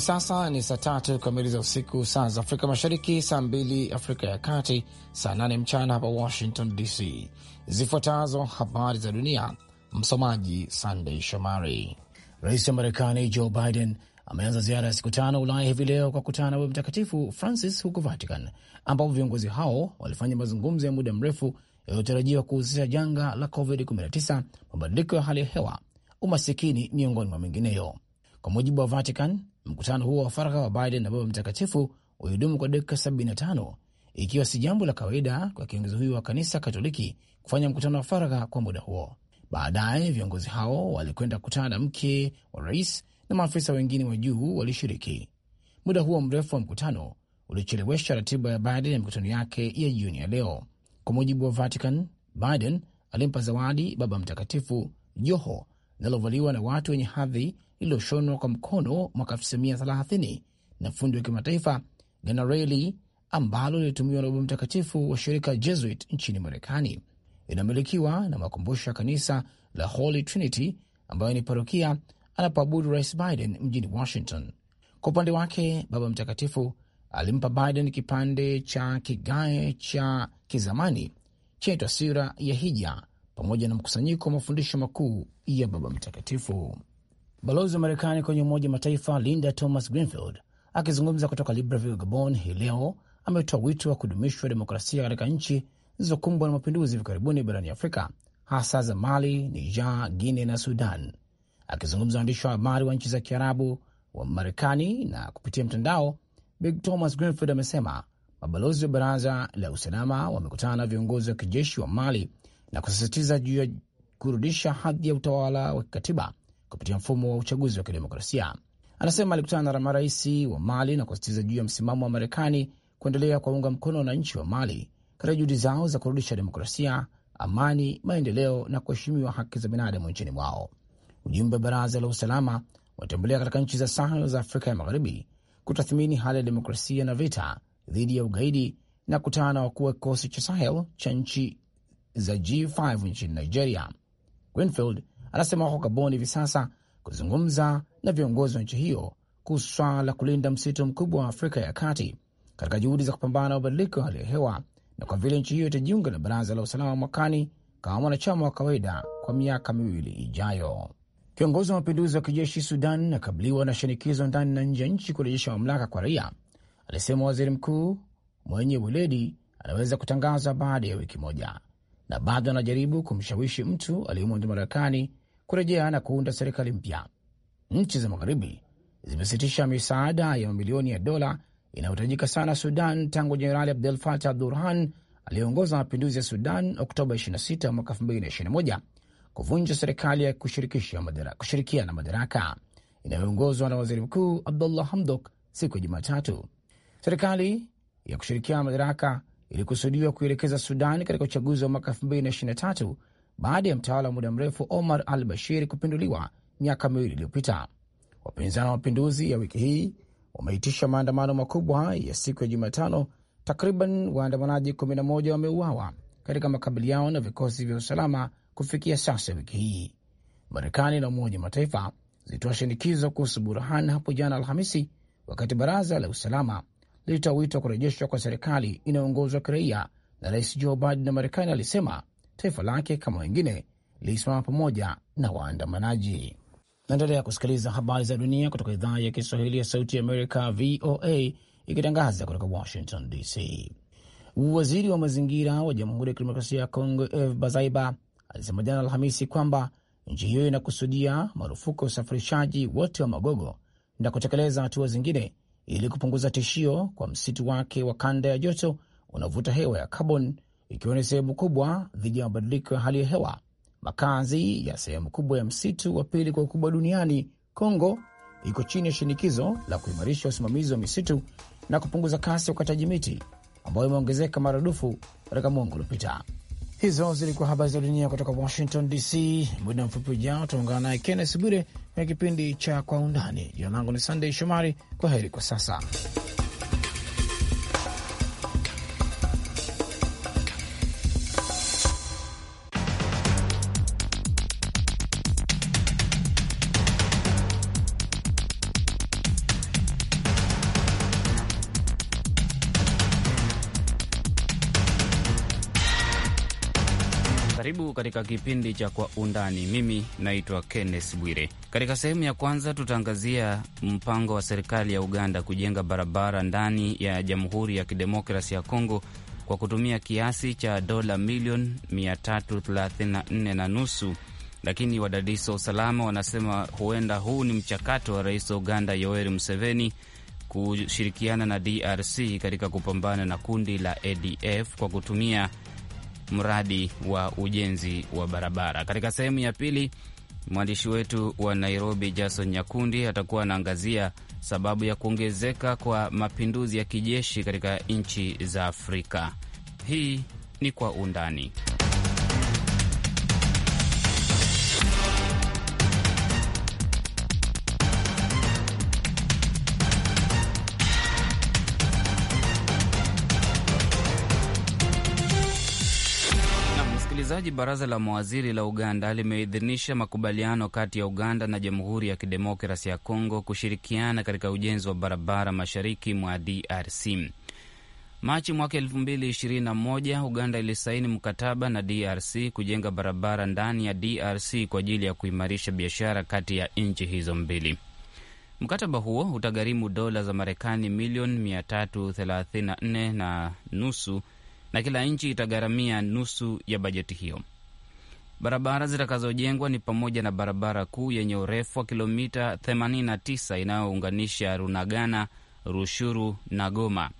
Hivi sasa ni saa tatu kamili za usiku, saa za Afrika Mashariki, saa mbili Afrika ya Kati, saa nane mchana hapa Washington DC. Zifuatazo habari za dunia, msomaji Sandey Shomari. Rais wa Marekani Joe Biden ameanza ziara ya siku tano Ulaya hivi leo kwa kutana na Mtakatifu Francis huko Vatican, ambapo viongozi hao walifanya mazungumzo ya muda mrefu yaliyotarajiwa kuhusisha janga la COVID-19, mabadiliko ya hali ya hewa, umasikini, miongoni mwa mengineyo. Kwa mujibu wa Vatican, Mkutano huo wa faragha wa Biden na Baba Mtakatifu ulihudumu kwa dakika 75 ikiwa si jambo la kawaida kwa kiongozi huyo wa kanisa Katoliki kufanya mkutano wa faragha kwa muda huo. Baadaye viongozi hao walikwenda kukutana na mke wa rais na maafisa wengine wa juu walishiriki. Muda huo mrefu wa mkutano ulichelewesha ratiba ya Biden ya mikutano yake ya Juni ya leo. Kwa mujibu wa Vatican, Biden alimpa zawadi Baba Mtakatifu joho linalovaliwa na watu wenye hadhi iliyoshonwa kwa mkono mwaka 1930 na fundi wa kimataifa Ganarelli, ambalo lilitumiwa na Baba Mtakatifu wa shirika Jesuit nchini Marekani. Inamilikiwa na makumbusho ya kanisa la Holy Trinity ambayo ni parokia anapoabudu Rais Biden mjini Washington. Kwa upande wake, Baba Mtakatifu alimpa Biden kipande cha kigae cha kizamani chenye taswira ya hija pamoja na mkusanyiko wa mafundisho makuu ya Baba Mtakatifu. Balozi wa Marekani kwenye Umoja wa Mataifa Linda Thomas Greenfield akizungumza kutoka Libreville, Gabon hii leo ametoa wito wa kudumishwa demokrasia katika nchi zilizokumbwa na mapinduzi hivi karibuni barani Afrika, hasa za Mali, Niger, Guinea na Sudan. Akizungumza waandishi wa habari wa nchi za Kiarabu wa Marekani na kupitia mtandao, Big Thomas Greenfield amesema mabalozi wa Baraza la Usalama wamekutana na viongozi wa kijeshi wa Mali na kusisitiza juu ya kurudisha hadhi ya utawala wa kikatiba kupitia mfumo wa uchaguzi wa kidemokrasia. Anasema alikutana na marais wa Mali na kusisitiza juu ya msimamo wa Marekani kuendelea kuwaunga mkono wananchi wa Mali katika juhudi zao za kurudisha demokrasia, amani, maendeleo na kuheshimiwa haki za binadamu nchini mwao. Ujumbe wa Baraza la Usalama watembelea katika nchi za Sahel za Afrika ya Magharibi kutathmini hali ya demokrasia na vita dhidi ya ugaidi na kutana na wakuu wa kikosi cha Sahel cha nchi za G5 nchini Nigeria. Winfield anasema wako Gabon hivi sasa kuzungumza na viongozi wa nchi hiyo kuhusu swala la kulinda msitu mkubwa wa Afrika ya Kati katika juhudi za kupambana na mabadiliko ya hali ya hewa, na kwa vile nchi hiyo itajiunga na Baraza la Usalama mwakani kama mwanachama wa kawaida kwa miaka miwili ijayo. Kiongozi wa mapinduzi wa kijeshi Sudan akabiliwa na shinikizo ndani na nje ya nchi kurejesha mamlaka kwa raia, alisema waziri mkuu mwenye weledi anaweza kutangaza baada ya wiki moja, na bado anajaribu kumshawishi mtu aliyemwondoa madarakani kurejea na kuunda serikali mpya. Nchi za magharibi zimesitisha misaada ya mamilioni ya dola inayohitajika sana Sudan tangu Jenerali Abdel Fatah Abdurhan aliyeongoza mapinduzi ya Sudan Oktoba 26 mwaka 2021 kuvunja serikali ya kushirikiana madaraka inayoongozwa na waziri mkuu Abdullah Hamdok siku ya Jumatatu. Serikali ya kushirikiana madaraka ilikusudiwa kuielekeza Sudan katika uchaguzi wa mwaka baada ya mtawala wa muda mrefu Omar al Bashir kupinduliwa miaka miwili iliyopita. Wapinzani wa mapinduzi ya wiki hii wameitisha maandamano makubwa ya siku ya Jumatano. Takriban waandamanaji 11 wameuawa katika makabiliano na vikosi vya usalama kufikia sasa wiki hii. Marekani na Umoja wa Mataifa zilitoa shinikizo kuhusu Burhan hapo jana Alhamisi, wakati baraza la usalama lilitoa wito wa kurejeshwa kwa serikali inayoongozwa kiraia na Rais Joe Biden na Marekani alisema taifa lake kama wengine lilisimama pamoja na waandamanaji. Naendelea kusikiliza habari za dunia kutoka idhaa ya Kiswahili ya Sauti ya Amerika, VOA, ikitangaza kutoka Washington DC. Waziri wa mazingira wa Jamhuri ya Kidemokrasia ya Kongo Eve Bazaiba alisema jana Alhamisi kwamba nchi hiyo inakusudia marufuku ya usafirishaji wote wa magogo na kutekeleza hatua zingine ili kupunguza tishio kwa msitu wake wa kanda ya joto unaovuta hewa ya kaboni ikiwa ni sehemu kubwa dhidi ya mabadiliko ya hali ya hewa, makazi ya sehemu kubwa ya msitu wa pili kwa ukubwa duniani, Kongo iko chini ya shinikizo la kuimarisha usimamizi wa misitu na kupunguza kasi ya ukataji miti ambayo imeongezeka maradufu katika mwongo uliopita. Hizo zilikuwa habari za dunia kutoka Washington DC. Muda mfupi ujao tunaungana naye Kennes Bwire kwenye kipindi cha Kwa Undani. Jina langu ni Sandey Shomari. Kwa heri kwa sasa. katika kipindi cha Kwa Undani. Mimi naitwa Kenneth Bwire. Katika sehemu ya kwanza, tutaangazia mpango wa serikali ya Uganda kujenga barabara ndani ya Jamhuri ya Kidemokrasi ya Kongo kwa kutumia kiasi cha dola milioni 334 na nusu, lakini wadadisi wa usalama wanasema huenda huu ni mchakato wa rais wa Uganda Yoweri Museveni kushirikiana na DRC katika kupambana na kundi la ADF kwa kutumia mradi wa ujenzi wa barabara. Katika sehemu ya pili, mwandishi wetu wa Nairobi Jason Nyakundi atakuwa anaangazia sababu ya kuongezeka kwa mapinduzi ya kijeshi katika nchi za Afrika. Hii ni kwa undani. Msikilizaji, baraza la mawaziri la Uganda limeidhinisha makubaliano kati ya Uganda na Jamhuri ya Kidemokrasi ya Kongo kushirikiana katika ujenzi wa barabara mashariki mwa DRC. Machi mwaka 221 Uganda ilisaini mkataba na DRC kujenga barabara ndani ya DRC kwa ajili ya kuimarisha biashara kati ya nchi hizo mbili. Mkataba huo utagharimu dola za Marekani milioni 334 na nusu na kila nchi itagharamia nusu ya bajeti hiyo. Barabara zitakazojengwa ni pamoja na barabara kuu yenye urefu wa kilomita 89 inayounganisha Runagana, Rushuru na Goma,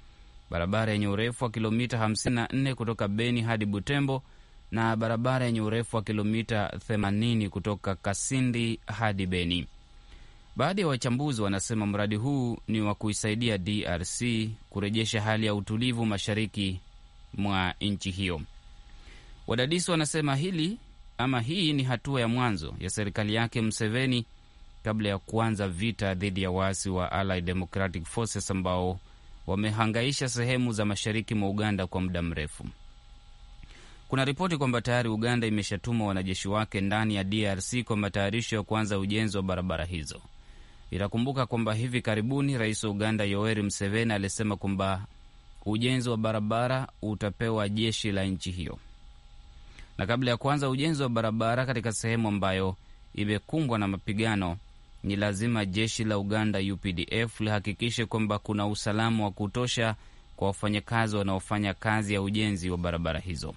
barabara yenye urefu wa kilomita 54 kutoka Beni hadi Butembo na barabara yenye urefu wa kilomita 80 kutoka Kasindi hadi Beni. Baadhi ya wachambuzi wanasema mradi huu ni wa kuisaidia DRC kurejesha hali ya utulivu mashariki mwa nchi hiyo. Wadadisi wanasema hili ama hii ni hatua ya mwanzo ya serikali yake mseveni kabla ya kuanza vita dhidi ya waasi wa Allied Democratic Forces ambao wamehangaisha sehemu za mashariki mwa Uganda kwa muda mrefu. Kuna ripoti kwamba tayari Uganda imeshatuma wanajeshi wake ndani ya DRC kwa matayarisho ya kuanza ujenzi wa barabara hizo. Itakumbuka kwamba hivi karibuni rais wa Uganda Yoweri Museveni alisema kwamba ujenzi wa barabara utapewa jeshi la nchi hiyo. Na kabla ya kuanza ujenzi wa barabara katika sehemu ambayo imekumbwa na mapigano, ni lazima jeshi la Uganda UPDF lihakikishe kwamba kuna usalama wa kutosha kwa wafanyakazi wanaofanya kazi ya ujenzi wa barabara hizo.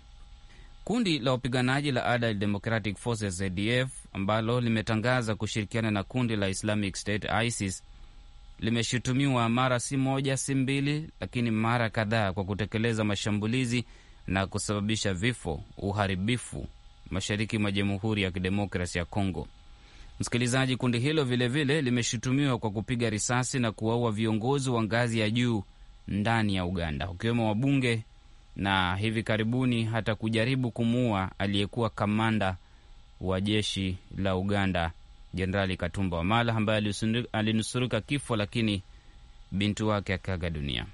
Kundi la wapiganaji la Allied Democratic Forces ADF ambalo limetangaza kushirikiana na kundi la Islamic State ISIS limeshutumiwa mara si moja si mbili, lakini mara kadhaa kwa kutekeleza mashambulizi na kusababisha vifo, uharibifu mashariki mwa Jamhuri ya Kidemokrasi ya Kongo. Msikilizaji, kundi hilo vilevile limeshutumiwa kwa kupiga risasi na kuwaua viongozi wa ngazi ya juu ndani ya Uganda, ukiwemo wabunge na hivi karibuni hata kujaribu kumuua aliyekuwa kamanda wa jeshi la Uganda Jenerali Katumba Wamala ambaye alinusurika kifo, lakini bintu wake akaaga dunia.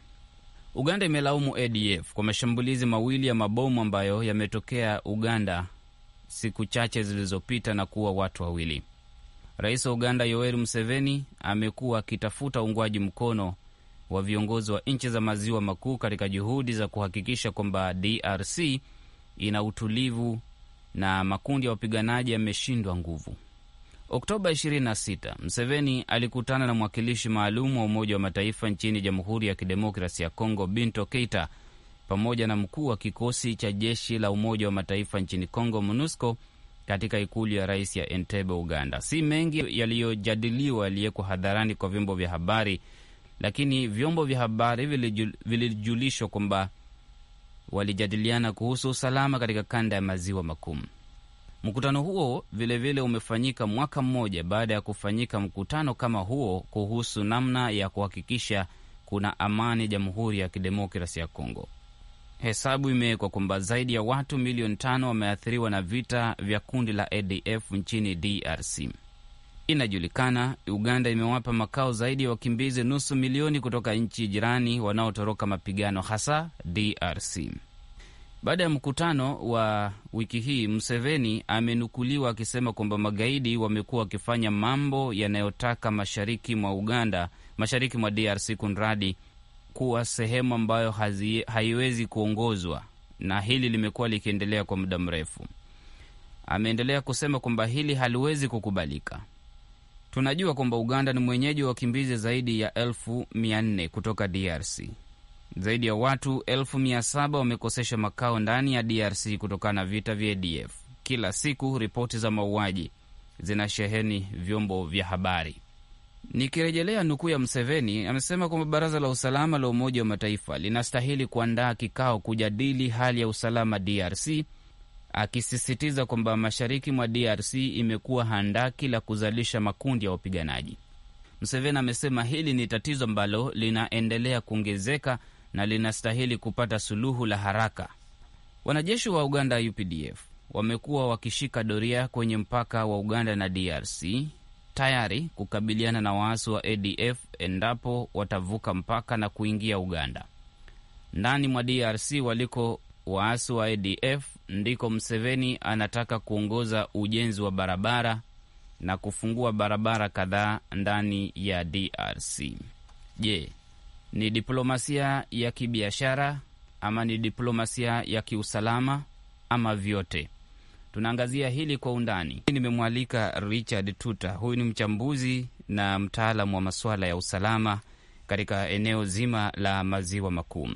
Uganda imelaumu ADF kwa mashambulizi mawili ya mabomu ambayo yametokea Uganda siku chache zilizopita na kuua watu wawili. Rais wa Uganda Yoweri Museveni amekuwa akitafuta uungwaji mkono wa viongozi wa nchi za maziwa makuu katika juhudi za kuhakikisha kwamba DRC ina utulivu na makundi ya wapiganaji yameshindwa nguvu. Oktoba 26 Mseveni alikutana na mwakilishi maalum wa Umoja wa Mataifa nchini Jamhuri ya Kidemokrasi ya Kongo, Binto Keita, pamoja na mkuu wa kikosi cha jeshi la Umoja wa Mataifa nchini congo MONUSCO, katika ikulu ya rais ya Entebe, Uganda. Si mengi yaliyojadiliwa yaliyekwa hadharani kwa vyombo vya habari, lakini vyombo vya habari vilijulishwa kwamba walijadiliana kuhusu usalama katika kanda ya maziwa makuu. Mkutano huo vilevile vile umefanyika mwaka mmoja baada ya kufanyika mkutano kama huo kuhusu namna ya kuhakikisha kuna amani Jamhuri ya Kidemokrasi ya Kongo. Hesabu imewekwa kwamba zaidi ya watu milioni tano wameathiriwa na vita vya kundi la ADF nchini DRC. Inajulikana Uganda imewapa makao zaidi ya wakimbizi nusu milioni kutoka nchi jirani wanaotoroka mapigano hasa DRC. Baada ya mkutano wa wiki hii, mseveni amenukuliwa akisema kwamba magaidi wamekuwa wakifanya mambo yanayotaka mashariki mwa Uganda, mashariki mwa DRC kunradi kuwa sehemu ambayo hazi, haiwezi kuongozwa, na hili limekuwa likiendelea kwa muda mrefu. Ameendelea kusema kwamba hili haliwezi kukubalika. Tunajua kwamba Uganda ni mwenyeji wa wakimbizi zaidi ya elfu mia nne kutoka DRC. Zaidi ya watu elfu mia saba wamekosesha makao ndani ya DRC kutokana na vita vya ADF. Kila siku ripoti za mauaji zinasheheni vyombo vya habari. Nikirejelea nukuu ya Mseveni, amesema kwamba baraza la usalama la Umoja wa Mataifa linastahili kuandaa kikao kujadili hali ya usalama DRC, akisisitiza kwamba mashariki mwa DRC imekuwa handaki la kuzalisha makundi ya wapiganaji. Mseveni amesema hili ni tatizo ambalo linaendelea kuongezeka na linastahili kupata suluhu la haraka. Wanajeshi wa Uganda UPDF wamekuwa wakishika doria kwenye mpaka wa Uganda na DRC tayari kukabiliana na waasi wa ADF endapo watavuka mpaka na kuingia Uganda. Ndani mwa DRC waliko waasi wa ADF ndiko Mseveni anataka kuongoza ujenzi wa barabara na kufungua barabara kadhaa ndani ya DRC. Je, ni diplomasia ya kibiashara ama ni diplomasia ya kiusalama ama vyote? Tunaangazia hili kwa undani. Nimemwalika Richard Tuta, huyu ni mchambuzi na mtaalamu wa masuala ya usalama katika eneo zima la maziwa makuu.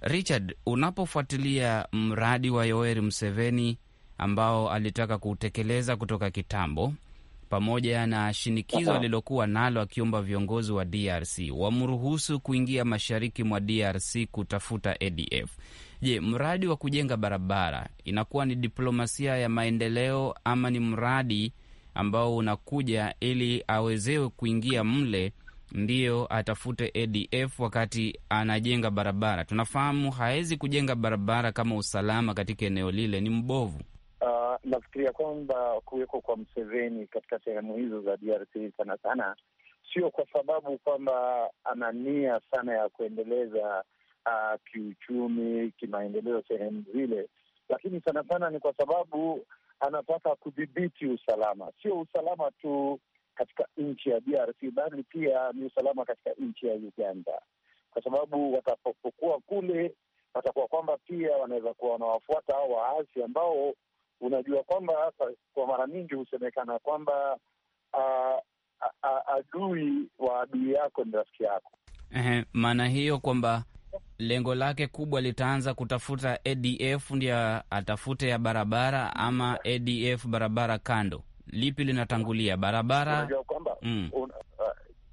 Richard, unapofuatilia mradi wa Yoweri Museveni ambao alitaka kuutekeleza kutoka kitambo pamoja na shinikizo alilokuwa nalo akiomba viongozi wa DRC wamruhusu kuingia mashariki mwa DRC kutafuta ADF. Je, mradi wa kujenga barabara inakuwa ni diplomasia ya maendeleo ama ni mradi ambao unakuja ili awezewe kuingia mle ndiyo atafute ADF wakati anajenga barabara? Tunafahamu hawezi kujenga barabara kama usalama katika eneo lile ni mbovu nafikiria kwamba kuwekwa kwa Mseveni katika sehemu hizo za DRC sana sana sio kwa sababu kwamba ana nia sana ya kuendeleza uh, kiuchumi, kimaendeleo sehemu zile, lakini sana sana ni kwa sababu anataka kudhibiti usalama, sio usalama tu katika nchi ya DRC bali pia ni usalama katika nchi ya Uganda, kwa sababu watapokuwa kule watakuwa kwamba pia wanaweza kuwa wanawafuata hao waasi ambao Unajua kwamba hasa kwa mara nyingi husemekana kwamba ah, ah, ah, adui wa adui yako ni rafiki yako. Ehe, maana hiyo kwamba lengo lake kubwa litaanza kutafuta ADF ndio atafute ya barabara ama ADF barabara kando, lipi linatangulia barabara? Unajua kwamba mm. un, uh,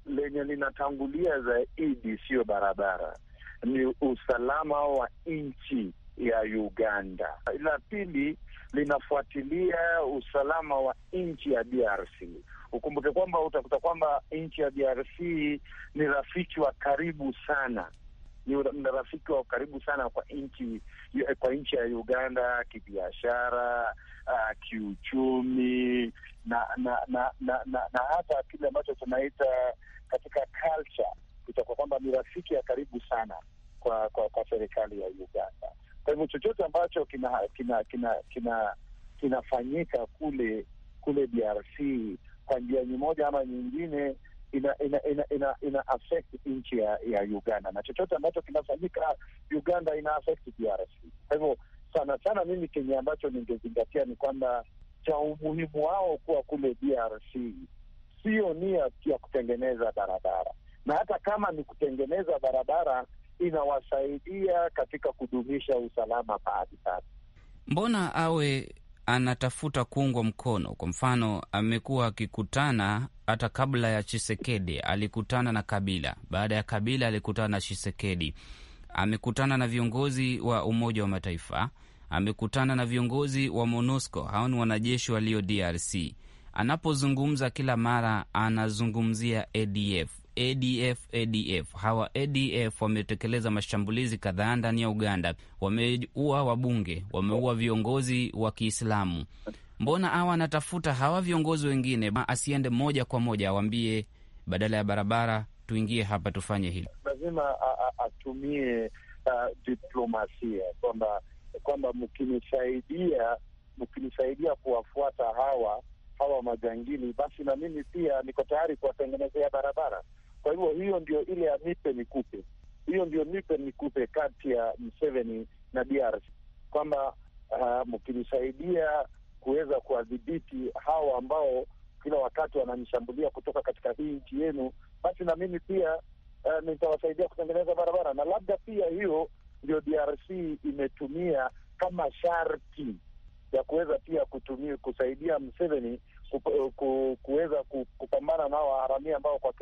lenye linatangulia zaidi siyo barabara, ni usalama wa nchi ya Uganda. La pili linafuatilia usalama wa nchi ya DRC. Ukumbuke kwamba utakuta kwamba nchi ya DRC ni rafiki wa karibu sana ni rafiki wa karibu sana kwa nchi kwa nchi ya Uganda kibiashara, uh, kiuchumi na na na, na, na na hata kile ambacho tunaita katika culture, utakua kwamba ni rafiki ya karibu sana kwa kwa, kwa serikali ya Uganda. Kwa hivyo chochote ambacho kinafanyika kina, kina, kina, kina kule kule DRC kwa njia moja ama nyingine ina ina ina, ina, ina affect nchi ya, ya Uganda na chochote ambacho kinafanyika Uganda ina affect DRC. Kwa hivyo sana sana mimi kenye ambacho ningezingatia ni kwamba cha umuhimu wao kuwa kule DRC sio nia ya kutengeneza barabara, na hata kama ni kutengeneza barabara inawasaidia katika kudumisha usalama pahali pake. Mbona awe anatafuta kuungwa mkono? Kwa mfano, amekuwa akikutana hata kabla ya Chisekedi, alikutana na Kabila, baada ya Kabila alikutana na Chisekedi, amekutana na viongozi wa Umoja wa Mataifa, amekutana na viongozi wa MONUSCO. Hao ni wanajeshi walio DRC. Anapozungumza kila mara anazungumzia ADF. ADF ADF. Hawa ADF wametekeleza mashambulizi kadhaa ndani ya Uganda, wameua wabunge, wameua viongozi wa Kiislamu. Mbona hawa anatafuta hawa viongozi wengine, asiende moja kwa moja awambie, badala ya barabara tuingie hapa tufanye hili? Lazima atumie uh, diplomasia kwamba kwamba mkinisaidia mkinisaidia kuwafuata hawa hawa majangili, basi na mimi pia niko tayari kuwatengenezea barabara. Kwa hivyo hiyo ndio ile ya nipe nikupe, hiyo ndio nipe nikupe kati ya mseveni na DRC kwamba uh, mkinisaidia kuweza kuwadhibiti hawa ambao kila wakati wananishambulia kutoka katika hii nchi yenu, basi na mimi pia uh, nitawasaidia kutengeneza barabara, na labda pia hiyo ndio DRC imetumia kama sharti ya kuweza pia kutumia kusaidia mseveni kuweza kupambana na waharamia ambao kwa,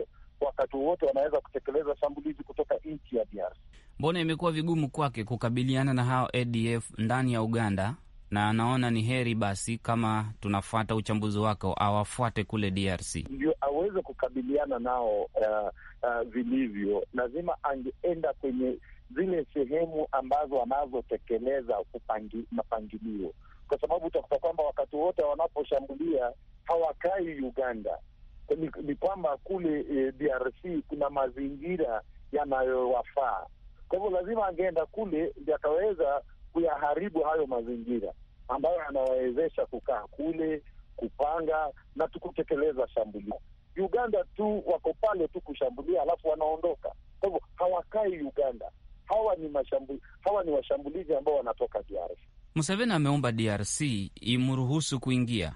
wakati wowote wanaweza kutekeleza shambulizi kutoka nchi ya DRC. Mbona imekuwa vigumu kwake kukabiliana na hao ADF ndani ya Uganda, na anaona ni heri basi, kama tunafuata uchambuzi wako, awafuate kule DRC ndio aweze kukabiliana nao vilivyo. Uh, uh, vilivyo. lazima angeenda kwenye zile sehemu ambazo wanazotekeleza mapangilio, kwa sababu utakuta kwamba wakati wote wanaposhambulia hawakai Uganda, ni, ni kwamba kule e, DRC kuna mazingira yanayowafaa. Kwa hivyo lazima angeenda kule ndi akaweza kuyaharibu hayo mazingira ambayo yanawawezesha kukaa kule kupanga na tukutekeleza shambulio. Uganda tu wako pale tu kushambulia, alafu wanaondoka. Kwa hivyo hawakai Uganda. Hawa ni mashambu, hawa ni washambulizi ambao wanatoka DRC. Museveni ameomba DRC imruhusu kuingia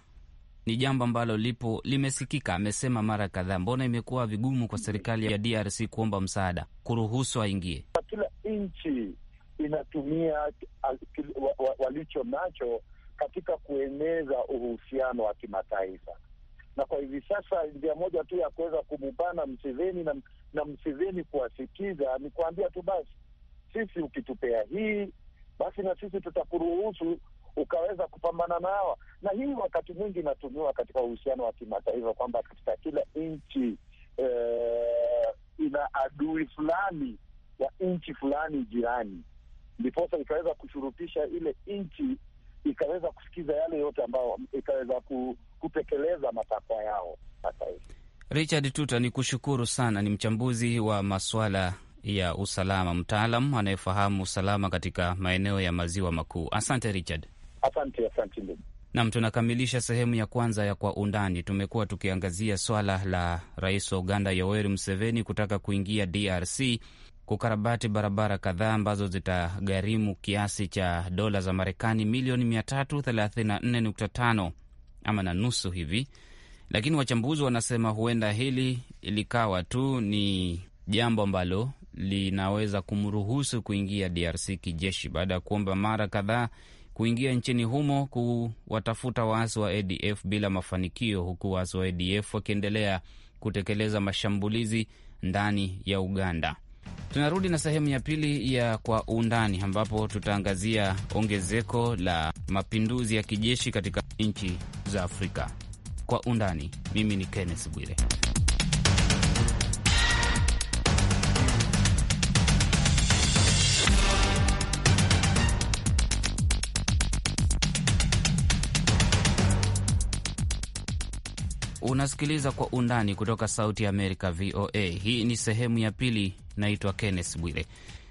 ni jambo ambalo lipo limesikika, amesema mara kadhaa. Mbona imekuwa vigumu kwa serikali ya DRC kuomba msaada, kuruhusu aingie? Kila nchi inatumia walicho nacho katika kueneza uhusiano wa kimataifa, na kwa hivi sasa njia moja tu ya kuweza kumubana Mseveni na, na Mseveni kuwasikiza ni kuambia tu basi, sisi ukitupea hii basi na sisi tutakuruhusu ukaweza kupambana na hawa. Na hii wakati mwingi inatumiwa katika uhusiano wa kimataifa kwamba katika kila nchi e, ina adui fulani ya nchi fulani jirani, ndiposa ikaweza kushurutisha ile nchi ikaweza kusikiza yale yote ambayo ikaweza kutekeleza matakwa yao. Hata hivi, Richard Tuta, ni kushukuru sana. Ni mchambuzi wa maswala ya usalama, mtaalam anayefahamu usalama katika maeneo ya maziwa makuu. Asante Richard. Asante, asante ndugu. Nam, tunakamilisha sehemu ya kwanza ya Kwa Undani. Tumekuwa tukiangazia swala la rais wa Uganda Yoweri Museveni kutaka kuingia DRC kukarabati barabara kadhaa ambazo zitagharimu kiasi cha dola za Marekani milioni 334.5 ama na nusu hivi, lakini wachambuzi wanasema huenda hili likawa tu ni jambo ambalo linaweza kumruhusu kuingia DRC kijeshi baada ya kuomba mara kadhaa kuingia nchini humo kuwatafuta waasi wa ADF bila mafanikio, huku waasi wa ADF wakiendelea kutekeleza mashambulizi ndani ya Uganda. Tunarudi na sehemu ya pili ya Kwa Undani, ambapo tutaangazia ongezeko la mapinduzi ya kijeshi katika nchi za Afrika. Kwa Undani, mimi ni Kenneth Bwire. Unasikiliza kwa undani kutoka Sauti ya Amerika, VOA. Hii ni sehemu ya pili. Naitwa Kenneth Bwire.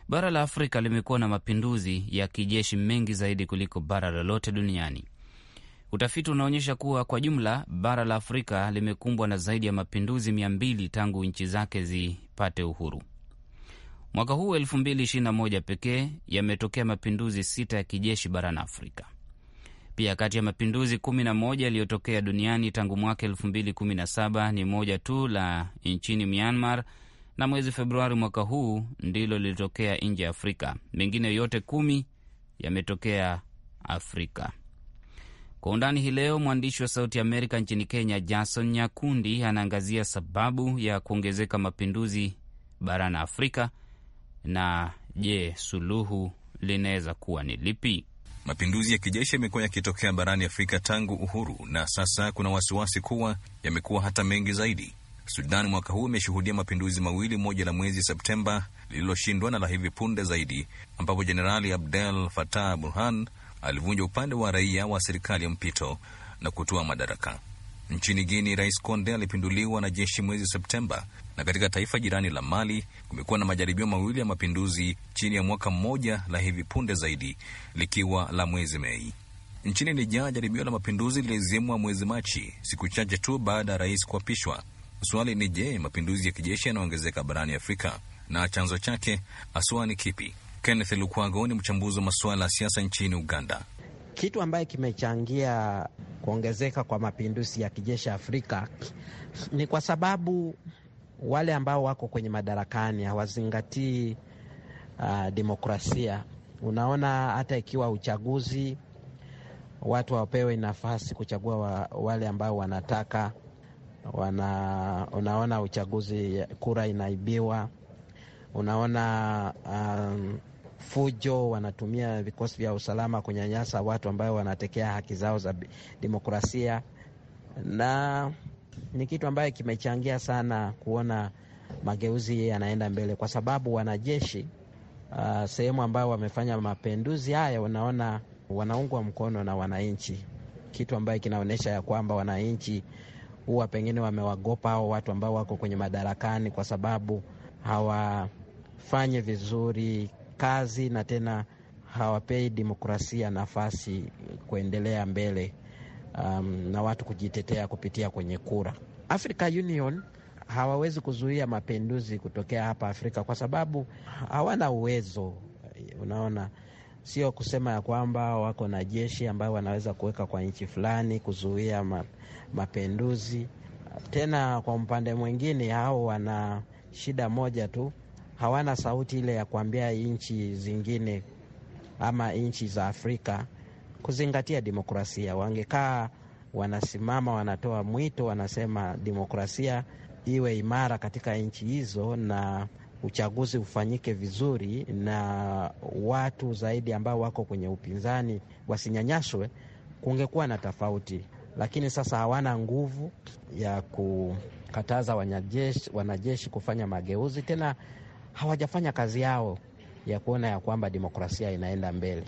Bara la Afrika limekuwa na mapinduzi ya kijeshi mengi zaidi kuliko bara lolote duniani. Utafiti unaonyesha kuwa kwa jumla bara la Afrika limekumbwa na zaidi ya mapinduzi mia mbili tangu nchi zake zipate uhuru. Mwaka huu 2021 pekee yametokea mapinduzi sita ya kijeshi barani Afrika. Pia kati ya mapinduzi 11 yaliyotokea duniani tangu mwaka 217 ni moja tu la nchini Myanmar, na mwezi Februari mwaka huu ndilo lilitokea nje ya Afrika. Mengine yote kumi yametokea Afrika. Kwa undani hii leo, mwandishi wa Sauti Amerika nchini Kenya, Jason Nyakundi, anaangazia sababu ya kuongezeka mapinduzi barani Afrika na je, suluhu linaweza kuwa ni lipi? Mapinduzi ya kijeshi yamekuwa yakitokea barani Afrika tangu uhuru, na sasa kuna wasiwasi kuwa yamekuwa hata mengi zaidi. Sudan mwaka huu imeshuhudia mapinduzi mawili, moja la mwezi Septemba lililoshindwa na la hivi punde zaidi, ambapo Jenerali Abdel fatah Burhan alivunja upande wa raia wa serikali ya mpito na kutoa madaraka. Nchini Guini, Rais Konde alipinduliwa na jeshi mwezi Septemba, na katika taifa jirani la Mali kumekuwa na majaribio mawili ya mapinduzi chini ya mwaka mmoja, la hivi punde zaidi likiwa la mwezi Mei. Nchini Nija, jaribio la mapinduzi lilizimwa mwezi Machi, siku chache tu baada ya rais kuapishwa. Swali ni je, mapinduzi ya kijeshi yanaongezeka barani Afrika na chanzo chake haswa ni kipi? Kenneth Lukwago ni mchambuzi wa masuala ya siasa nchini Uganda. Kitu ambaye kimechangia kuongezeka kwa mapinduzi ya kijeshi Afrika ni kwa sababu wale ambao wako kwenye madarakani hawazingatii uh, demokrasia. Unaona, hata ikiwa uchaguzi, watu wapewe nafasi kuchagua wa, wale ambao wanataka wana, unaona uchaguzi, kura inaibiwa, unaona um, fujo, wanatumia vikosi vya usalama kunyanyasa watu ambao wanatekea haki zao za demokrasia, na ni kitu ambayo kimechangia sana kuona mageuzi yanaenda mbele, kwa sababu wanajeshi uh, sehemu ambayo wamefanya mapinduzi haya, unaona wanaungwa mkono na wananchi, kitu ambayo kinaonyesha ya kwamba wananchi huwa pengine wamewagopa hao watu ambao wako kwenye madarakani kwa sababu hawafanyi vizuri kazi na tena hawapei demokrasia nafasi kuendelea mbele, um, na watu kujitetea kupitia kwenye kura. Africa Union hawawezi kuzuia mapinduzi kutokea hapa Afrika kwa sababu hawana uwezo. Unaona, sio kusema ya kwamba wako na jeshi ambayo wanaweza kuweka kwa nchi fulani kuzuia mapinduzi. Tena kwa upande mwingine, hao wana shida moja tu hawana sauti ile ya kuambia nchi zingine ama nchi za Afrika kuzingatia demokrasia. Wangekaa wanasimama, wanatoa mwito, wanasema demokrasia iwe imara katika nchi hizo na uchaguzi ufanyike vizuri, na watu zaidi ambao wako kwenye upinzani wasinyanyaswe, kungekuwa na tofauti. Lakini sasa hawana nguvu ya kukataza wanajeshi kufanya mageuzi tena hawajafanya kazi yao ya kuona ya kwamba demokrasia inaenda mbele.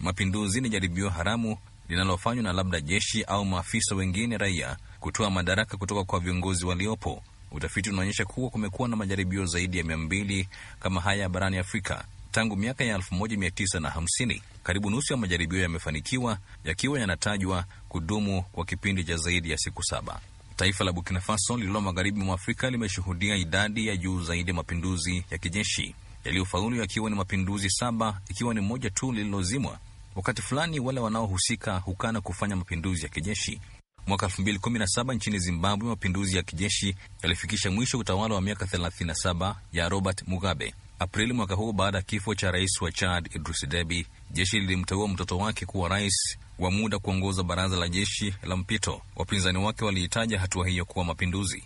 Mapinduzi ni jaribio haramu linalofanywa na labda jeshi au maafisa wengine raia kutoa madaraka kutoka kwa viongozi waliopo. Utafiti unaonyesha kuwa kumekuwa na majaribio zaidi ya mia mbili kama haya barani Afrika tangu miaka ya 1950. Karibu nusu ya majaribio yamefanikiwa, yakiwa yanatajwa kudumu kwa kipindi cha zaidi ya siku saba. Taifa la Burkina Faso lililo magharibi mwa Afrika limeshuhudia idadi ya juu zaidi ya mapinduzi ya kijeshi yaliyofaulu yakiwa ni mapinduzi saba, ikiwa ni moja tu lililozimwa. Wakati fulani wale wanaohusika hukana kufanya mapinduzi ya kijeshi. Mwaka 2017 nchini Zimbabwe, mapinduzi ya kijeshi yalifikisha mwisho utawala wa miaka 37 ya Robert Mugabe. Aprili mwaka huu, baada ya kifo cha rais wa Chad Idris Deby, jeshi lilimteua mtoto wake kuwa rais wa muda kuongoza baraza la jeshi la mpito. Wapinzani wake waliitaja hatua hiyo kuwa mapinduzi.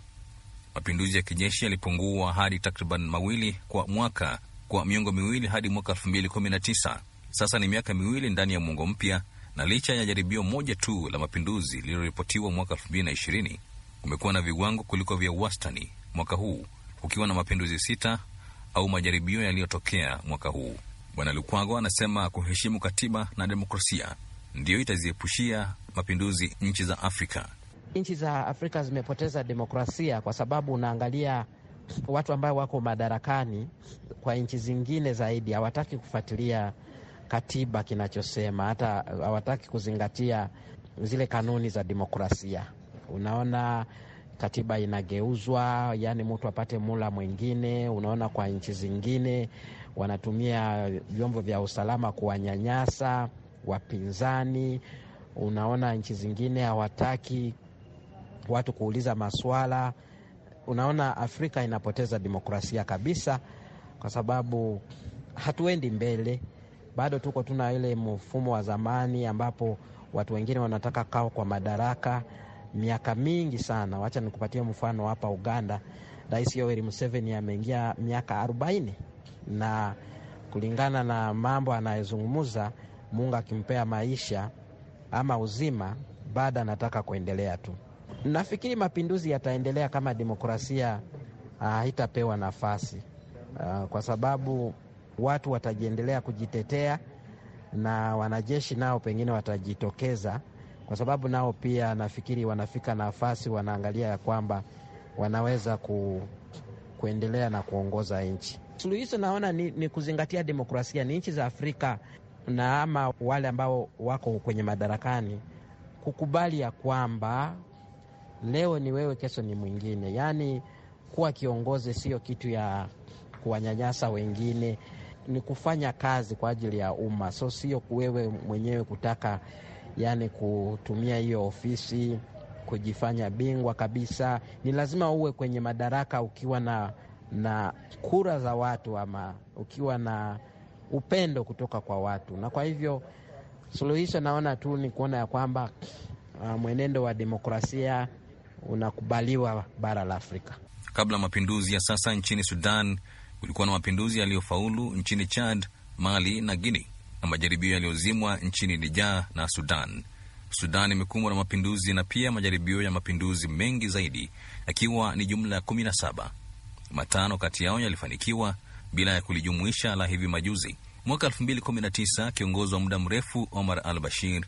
Mapinduzi ya kijeshi yalipungua hadi takriban mawili kwa mwaka kwa miongo miwili hadi mwaka elfu mbili kumi na tisa. Sasa ni miaka miwili ndani ya mwongo mpya, na licha ya jaribio moja tu la mapinduzi lililoripotiwa mwaka elfu mbili na ishirini, kumekuwa na viwango kuliko vya wastani mwaka huu, kukiwa na mapinduzi sita au majaribio yaliyotokea mwaka huu. Bwana Lukwago anasema kuheshimu katiba na demokrasia ndiyo itaziepushia mapinduzi nchi za Afrika. Nchi za Afrika zimepoteza demokrasia kwa sababu unaangalia watu ambao wako madarakani kwa nchi zingine zaidi hawataki kufuatilia katiba kinachosema, hata hawataki kuzingatia zile kanuni za demokrasia. Unaona katiba inageuzwa, yani mtu apate mula mwingine. Unaona kwa nchi zingine wanatumia vyombo vya usalama kuwanyanyasa wapinzani. Unaona nchi zingine hawataki watu kuuliza maswala. Unaona Afrika inapoteza demokrasia kabisa, kwa sababu hatuendi mbele, bado tuko tuna ile mfumo wa zamani ambapo watu wengine wanataka kaa kwa madaraka miaka mingi sana. Wacha nikupatie mfano hapa Uganda, Rais Yoweri Museveni ameingia miaka arobaini na kulingana na mambo anayozungumza Mungu akimpea maisha ama uzima, bado anataka kuendelea tu. Nafikiri mapinduzi yataendelea kama demokrasia ah, haitapewa uh, nafasi uh, kwa sababu watu watajiendelea kujitetea na wanajeshi nao pengine watajitokeza, kwa sababu nao pia nafikiri wanafika nafasi, wanaangalia ya kwamba wanaweza ku, kuendelea na kuongoza nchi. Suluhisho naona ni, ni kuzingatia demokrasia. Ni nchi za Afrika na ama wale ambao wako kwenye madarakani kukubali ya kwamba leo ni wewe, kesho ni mwingine. Yaani kuwa kiongozi sio kitu ya kuwanyanyasa wengine, ni kufanya kazi kwa ajili ya umma, so sio wewe mwenyewe kutaka yani kutumia hiyo ofisi kujifanya bingwa kabisa. Ni lazima uwe kwenye madaraka ukiwa na na kura za watu ama ukiwa na upendo kutoka kwa watu, na kwa hivyo suluhisho naona tu ni kuona ya kwamba uh, mwenendo wa demokrasia unakubaliwa bara la Afrika. Kabla mapinduzi ya sasa nchini Sudan, kulikuwa na mapinduzi yaliyofaulu nchini Chad, Mali na Guinea na majaribio yaliyozimwa nchini nija na Sudan. Sudan imekumbwa na mapinduzi na pia majaribio ya mapinduzi mengi zaidi, yakiwa ni jumla ya kumi na saba. Matano kati yao yalifanikiwa bila ya kulijumuisha la hivi majuzi. Mwaka 2019 kiongozi wa muda mrefu Omar al Bashir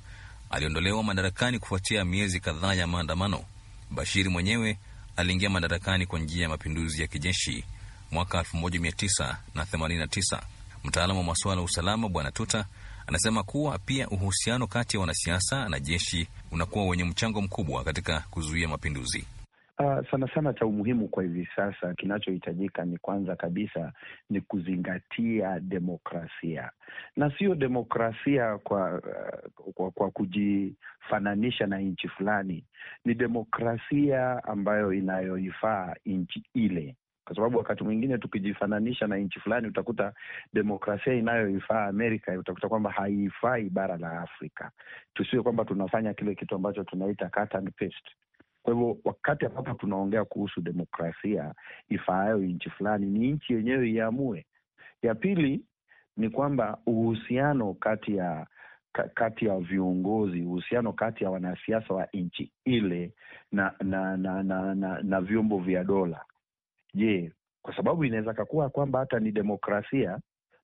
aliondolewa madarakani kufuatia miezi kadhaa ya maandamano. Bashir mwenyewe aliingia madarakani kwa njia ya mapinduzi ya kijeshi mwaka 1989. Mtaalamu wa masuala ya usalama Bwana Tuta anasema kuwa pia uhusiano kati ya wanasiasa na jeshi unakuwa wenye mchango mkubwa katika kuzuia mapinduzi. Uh, sana sana cha umuhimu kwa hivi sasa kinachohitajika ni kwanza kabisa ni kuzingatia demokrasia na sio demokrasia kwa, uh, kwa, kwa kujifananisha na nchi fulani. Ni demokrasia ambayo inayoifaa nchi ile, kwa sababu wakati mwingine tukijifananisha na nchi fulani utakuta demokrasia inayoifaa Amerika utakuta kwamba haifai bara la Afrika. Tusiwe kwamba tunafanya kile kitu ambacho tunaita cut and paste kwa hivyo wakati ambapo tunaongea kuhusu demokrasia ifaayo nchi fulani, ni nchi yenyewe iamue. Ya pili ni kwamba uhusiano kati ya kati ya viongozi, uhusiano kati ya wanasiasa wa nchi ile na na na, na, na, na vyombo vya dola. Je, kwa sababu inaweza kakuwa kwamba hata ni demokrasia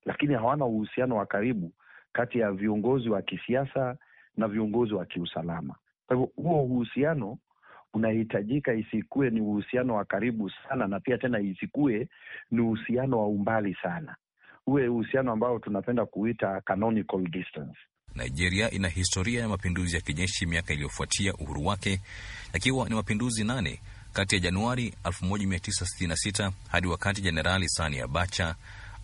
lakini hawana uhusiano wa karibu kati ya viongozi wa kisiasa na viongozi wa kiusalama. Kwa hivyo huo uhusiano unahitajika isikuwe ni uhusiano wa karibu sana, na pia tena isikuwe ni uhusiano wa umbali sana, uwe uhusiano ambao tunapenda kuita canonical distance. Nigeria ina historia ya mapinduzi ya kijeshi miaka iliyofuatia uhuru wake, yakiwa ni mapinduzi nane kati ya Januari 1966 hadi wakati Jenerali Sani Abacha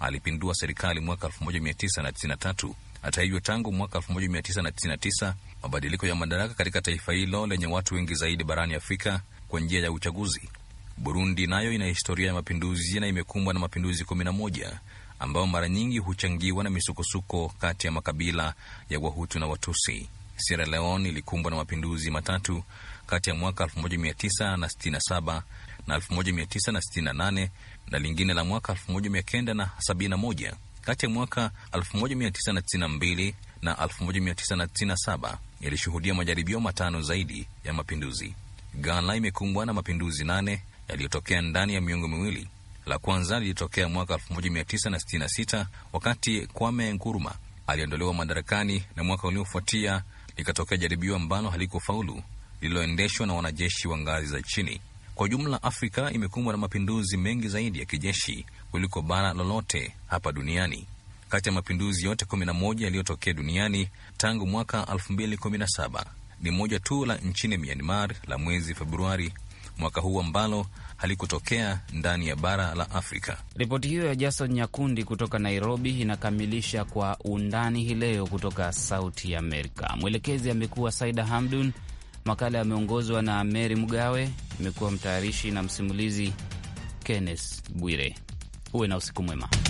alipindua serikali mwaka 1993. Hata hivyo, tangu mwaka 1999 mabadiliko ya madaraka katika taifa hilo lenye watu wengi zaidi barani Afrika kwa njia ya uchaguzi. Burundi nayo ina historia ya mapinduzi na imekumbwa na mapinduzi 11 ambayo mara nyingi huchangiwa na misukosuko kati ya makabila ya Wahutu na Watusi. Sierra Leone ilikumbwa na mapinduzi matatu kati ya mwaka 1967 na 1968 na lingine la mwaka 1971. Kati ya mwaka 1992 na 1997 ilishuhudia majaribio matano zaidi ya mapinduzi. Ghana imekumbwa na mapinduzi nane yaliyotokea ndani ya miongo miwili. La kwanza lilitokea mwaka 1966 wakati Kwame Nkuruma aliondolewa madarakani, na mwaka uliofuatia likatokea jaribio ambalo halikufaulu lililoendeshwa na wanajeshi wa ngazi za chini. Kwa jumla, Afrika imekumbwa na mapinduzi mengi zaidi ya kijeshi kuliko bara lolote hapa duniani. Kati ya mapinduzi yote 11 yaliyotokea duniani tangu mwaka 2017 ni moja tu la nchini Myanmar la mwezi Februari mwaka huu ambalo halikutokea ndani ya bara la Afrika. Ripoti hiyo ya Jason Nyakundi kutoka Nairobi inakamilisha kwa undani hii leo kutoka Sauti ya Amerika. Mwelekezi amekuwa Saida Hamdun, makala yameongozwa na mery Mgawe, imekuwa mtayarishi na msimulizi Kenneth Bwire. Uwe na usiku mwema.